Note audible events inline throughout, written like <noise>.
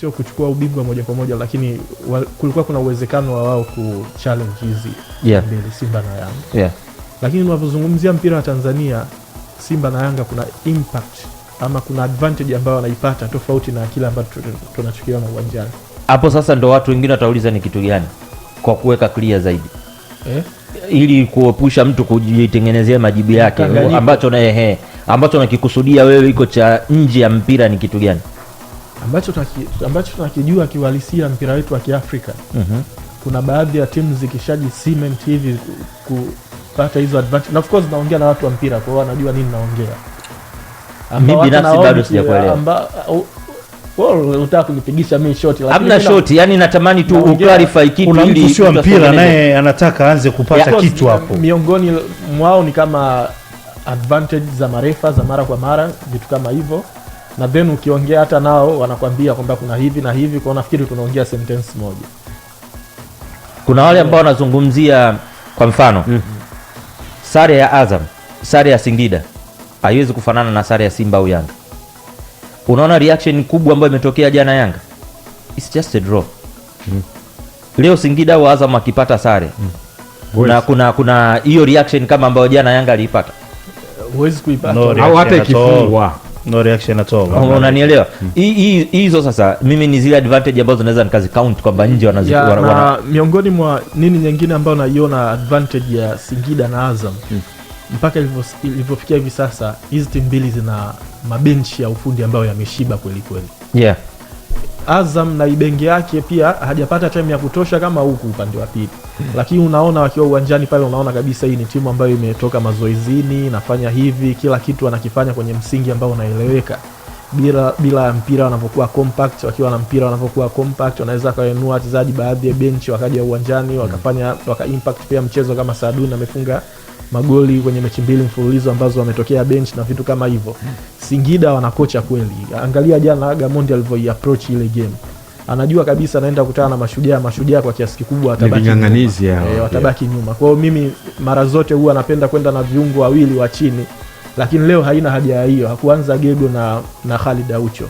sio kuchukua ubingwa moja kwa moja, lakini wa, kulikuwa kuna uwezekano wa wao ku challenge hizi yeah. mbele Simba na Yanga yeah. Lakini unavyozungumzia mpira wa Tanzania, Simba na Yanga kuna impact ama kuna advantage ambayo wanaipata tofauti na kile ambacho tunachokiona uwanjani. Hapo sasa ndo watu wengine watauliza ni kitu gani kwa kuweka clear zaidi eh? ili kuepusha mtu kujitengenezea majibu yake ambacho na ehe eh, ambacho nakikusudia wewe iko cha nje ya mpira ni kitu gani? ambacho tunaki, ambacho tunakijua kiuhalisia mpira wetu wa Kiafrika mm-hmm. kuna baadhi ya timu zikishaji cement hivi kupata hizo advantage, na of course naongea na watu wa mpira, kwao wanajua nini naongea. utaka binafsi bado sijakuelewa. Unataka kunipigisha mimi shoti shoti, yani natamani tu uclarify kitu mpira naye anataka aanze kupata yeah, kitu hapo. Miongoni mwao ni kama advantage za marefa za mara kwa mara, vitu kama hivyo na then ukiongea hata nao wanakwambia kwamba kuna hivi na hivi, kwa nafikiri tunaongea sentence moja. Kuna wale ambao wanazungumzia kwa mfano mm -hmm. sare ya Azam, sare ya Singida haiwezi kufanana na sare ya Simba au Yanga. Unaona reaction kubwa ambayo imetokea jana Yanga, it's just a draw mm -hmm. leo Singida au Azam akipata sare mm -hmm. na kuna kuna hiyo reaction kama ambayo jana Yanga aliipata, huwezi kuipata au hata ikifungwa no reaction at all. Unanielewa? Hmm. Hizo sasa mimi ni zile advantage ambazo naweza nikazi count kwamba nje wana... na miongoni mwa nini nyingine ambayo naiona advantage ya Singida na Azam hmm. Mpaka ilivyofikia hivi sasa hizi timu mbili zina mabenchi ya ufundi ambayo yameshiba kweli kweli. Yeah. Azam na Ibenge yake pia hajapata time ya kutosha kama huku upande wa pili, hmm. lakini unaona wakiwa uwanjani pale, unaona kabisa hii ni timu ambayo imetoka mazoezini, inafanya hivi, kila kitu anakifanya kwenye msingi ambao unaeleweka bila bila mpira wanapokuwa compact, wakiwa na mpira wanapokuwa compact, wanaweza wakainua wachezaji baadhi ya benchi wakaja uwanjani wakafanya waka impact pia mchezo, kama saadun amefunga magoli kwenye mechi mbili mfululizo ambazo wametokea bench na vitu kama hivyo. Singida wana kocha kweli, angalia jana Gamondi alivyoiapproach ile game anajua kabisa anaenda kukutana na mashujaa. Mashujaa kwa kiasi kikubwa eh, watabaki nyuma, e, yeah, nyuma. Kwa mimi mara zote huwa napenda kwenda na viungo wawili wa chini lakini leo haina haja ya hiyo. Hakuanza Gego na, na Khalid Aucho.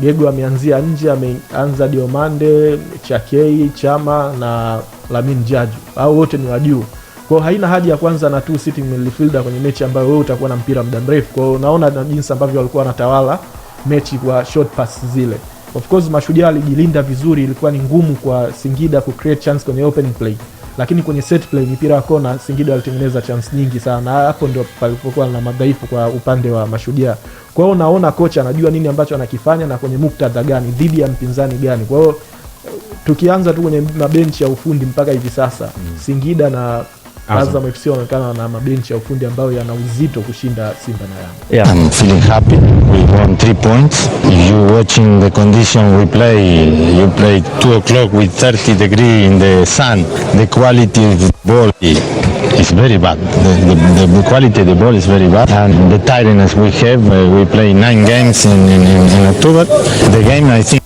Gego ameanzia nje, ameanza Diomande, Chakei, Chama na Lamin Jaju, au wote ni wajuu kwao, haina haja ya kwanza na two sitting midfielder kwenye mechi ambayo wewe utakuwa na mpira muda mrefu kwao. Unaona na jinsi ambavyo walikuwa wanatawala mechi kwa short pass zile. Of course mashujaa alijilinda vizuri, ilikuwa ni ngumu kwa Singida ku create chance kwenye open play lakini kwenye set play mipira ya kona Singida walitengeneza chance nyingi sana. Hapo ndio palipokuwa na madhaifu kwa upande wa Mashujaa. Kwa hiyo unaona kocha anajua nini ambacho anakifanya na kwenye muktadha gani dhidi ya mpinzani gani. Kwa hiyo eh, tukianza tu kwenye mabenchi ya ufundi mpaka hivi sasa mm. Singida na Azam FC wanaonekana na mabenchi ya ufundi ambayo yana uzito kushinda Simba na Yanga. Yeah, I'm feeling happy. We won 3 points. If you watching the condition we play, you play 2 o'clock with 30 degree in the sun. The quality of the ball is very bad. The, the, the quality of the ball is very bad and the tiredness we have, uh, we play 9 games in, in, in October. The game I think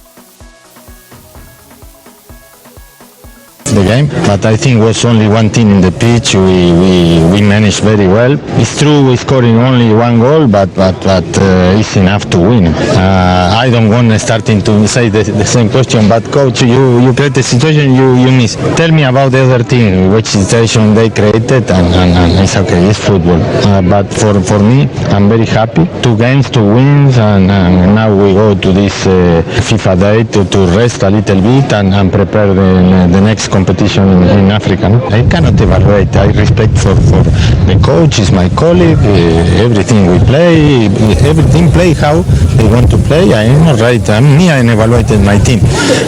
game. But I think was only one team in the pitch. We, we, we managed very well. It's true we scoring only one goal, but but but uh, it's enough to win. Uh, I don't want starting to say the, the, same question, but coach, you you create the situation you you miss. Tell me about the other team, which situation they created, and, and, and it's okay, it's football. Uh, but for for me, I'm very happy. Two games, two wins, and, and now we go to this uh, FIFA day to, to rest a little bit and, and prepare the, the next competition competition in Africa. No? I cannot evaluate. I respect for, for the is my colleague, uh, everything we play, everything play how they want to play. I am not right. I'm me. I evaluated my team.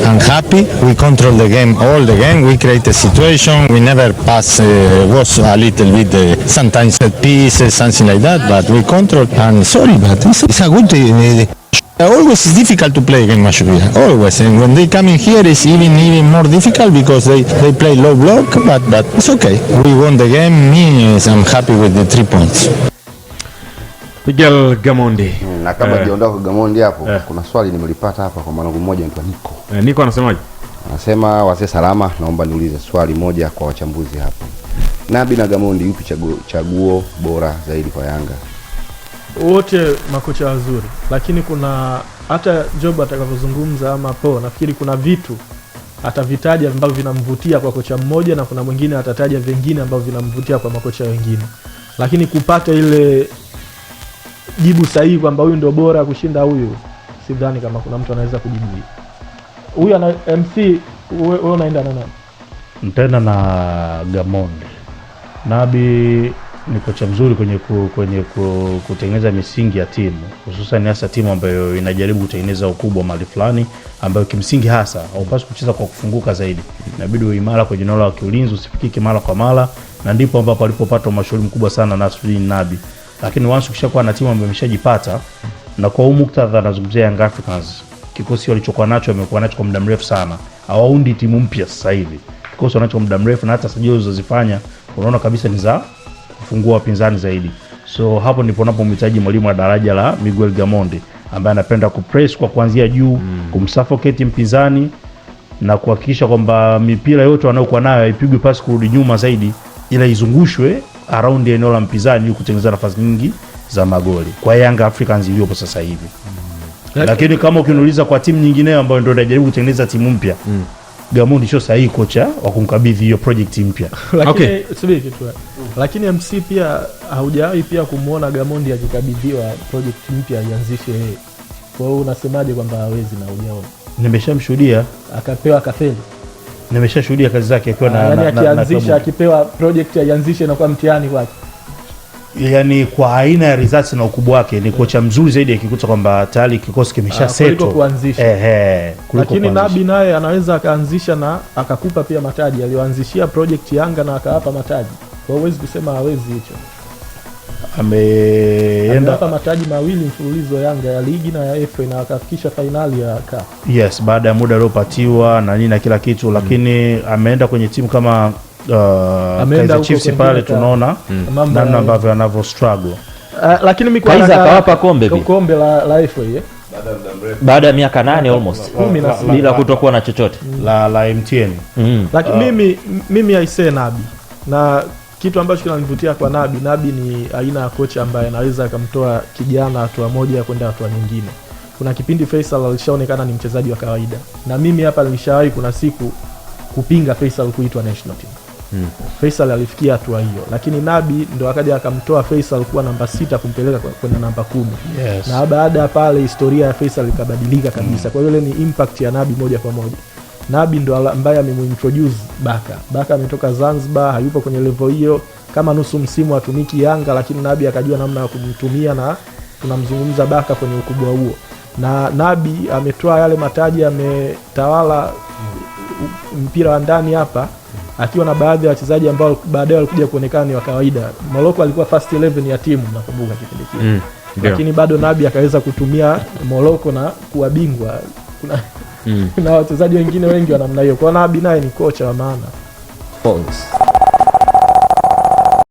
I'm happy. We control the game all the game. We create the situation. We never pass. Uh, was a little bit uh, sometimes set pieces, something like that. But we control. And sorry, but it's, it's a good. Uh, Uh, always it's difficult to play against Mashuria. Always, and when they come in here, it's even even more difficult because they, they play low block. But but it's okay. We won the game. Me, I'm happy with the three points. Miguel Gamondi. Hmm, na kabla hajaondoka eh. kwa Gamondi hapo uh, kuna swali nimelipata hapa kwa mwanangu mmoja anaitwa Niko. Uh, Niko anasemaje? Anasema wazee salama, naomba niulize swali moja kwa wachambuzi hapa. Nabi na Gamondi, yupi chaguo, chaguo bora zaidi kwa Yanga? wote makocha wazuri, lakini kuna hata Job atakavyozungumza ama po, nafikiri kuna vitu atavitaja ambavyo vinamvutia kwa kocha mmoja, na kuna mwingine atataja vingine ambavyo vinamvutia kwa makocha wengine, lakini kupata ile jibu sahihi kwamba huyu ndio bora kushinda huyu, sidhani kama kuna mtu anaweza kujibu huyu ana MC. Wewe unaenda na nani? na Gamondi Nabi ni kocha mzuri kwenye, ku, kwenye ku, kutengeneza misingi ya timu hususan hasa timu ambayo inajaribu kutengeneza ukubwa mali fulani ambayo kimsingi hasa haupasi kucheza kwa kufunguka zaidi, inabidi uimara kwenye eneo la kiulinzi, usifikiki mara kwa mara, na ndipo ambapo alipopata mashauri mkubwa sana na Sudin Nabi. Lakini once ukishakuwa na timu ambayo imeshajipata, na kwa umuktadha muktadha anazungumzia Young Africans, kikosi walichokuwa nacho wamekuwa nacho kwa muda mrefu sana, hawaundi timu mpya sasa hivi, kikosi wanacho muda mrefu, na hata sajili zilizozifanya unaona kabisa ni za kufungua wapinzani zaidi. So hapo ndipo napomhitaji mwalimu wa daraja la Miguel Gamonde ambaye anapenda kupress kwa kuanzia juu mm. kumsuffocate mpinzani na kuhakikisha kwamba mipira yote wanayokuwa nayo haipigwi pasi kurudi nyuma zaidi, ila izungushwe around eneo la mpinzani ili kutengeneza nafasi nyingi za magoli kwa Yanga Africans iliyopo sasa hivi mm. Lakini kama ukiniuliza kwa timu nyingineyo ambayo ndio inajaribu kutengeneza timu mpya mm. Gamondi sio sahihi kocha wa kumkabidhi hiyo project mpya. <laughs> Lakini okay. Lakini MC pia haujawahi pia kumwona Gamondi akikabidhiwa project mpya aianzishe yeye. Kwa hiyo unasemaje kwamba hawezi na hujaona? Nimeshamshuhudia akapewa kafeli. Nimeshashuhudia kazi zake akiwa na, ah, yani akianzisha akipewa project aianzishe na kwa mtihani kwake yani kwa aina ya risasi na ukubwa wake ni kocha mzuri zaidi akikuta kwamba tayari kikosi kimesha ah, seto ehe, lakini Nabi naye anaweza akaanzisha na akakupa pia mataji. alioanzishia project Yanga na akawapa mataji, kwa huwezi kusema hawezi hicho. Ameenda hapa mataji mawili mfululizo Yanga ya ligi na ya FA na akafikisha fainali ya CAF. Yes, baada ya muda aliopatiwa na nini na kila kitu, lakini mm, ameenda kwenye timu kama Uh, Kaizer Chiefs pale tunaona namna ambavyo anavyo struggle, uh, lakini mimi Kaizer akawapa kombe kombe la la FA eh? baada ya miaka nane almost bila kutokuwa na chochote mm. la la MTN. Mm. Lakini uh, mimi mimi aisee Nabi na kitu ambacho kinanivutia kwa Nabi, Nabi ni aina ya kocha ambaye anaweza akamtoa kijana hatua moja kwenda hatua nyingine. Kuna kipindi Faisal alishaonekana ni mchezaji wa kawaida, na mimi hapa nilishawahi kuna siku kupinga Faisal kuitwa national team Mm. Faisal alifikia hatua hiyo, lakini Nabi ndo akaja akamtoa Faisal kuwa namba sita kumpeleka kwenda namba kumi. Yes. Na baada ya pale historia ya Faisal ikabadilika kabisa. Mm. Kwa hiyo ile ni impact ya Nabi moja kwa moja. Nabi ndo ambaye amemintroduce Baka. Baka ametoka Zanzibar, hayupo kwenye levo hiyo, kama nusu msimu atumiki Yanga, lakini Nabi akajua namna ya kumtumia na tunamzungumza Baka kwenye ukubwa huo, na Nabi ametoa yale mataji, ametawala mpira wa ndani hapa akiwa na baadhi ya wachezaji ambao baadaye walikuja kuonekana ni wa kawaida. Moroko alikuwa first 11 ya timu nakumbuka kipindi kile mm, lakini bado Nabi akaweza kutumia moroko na kuwa bingwa. Kuna mm. <laughs> na wachezaji wengine wengi wa namna hiyo, kwao. Nabi naye ni kocha wa maana.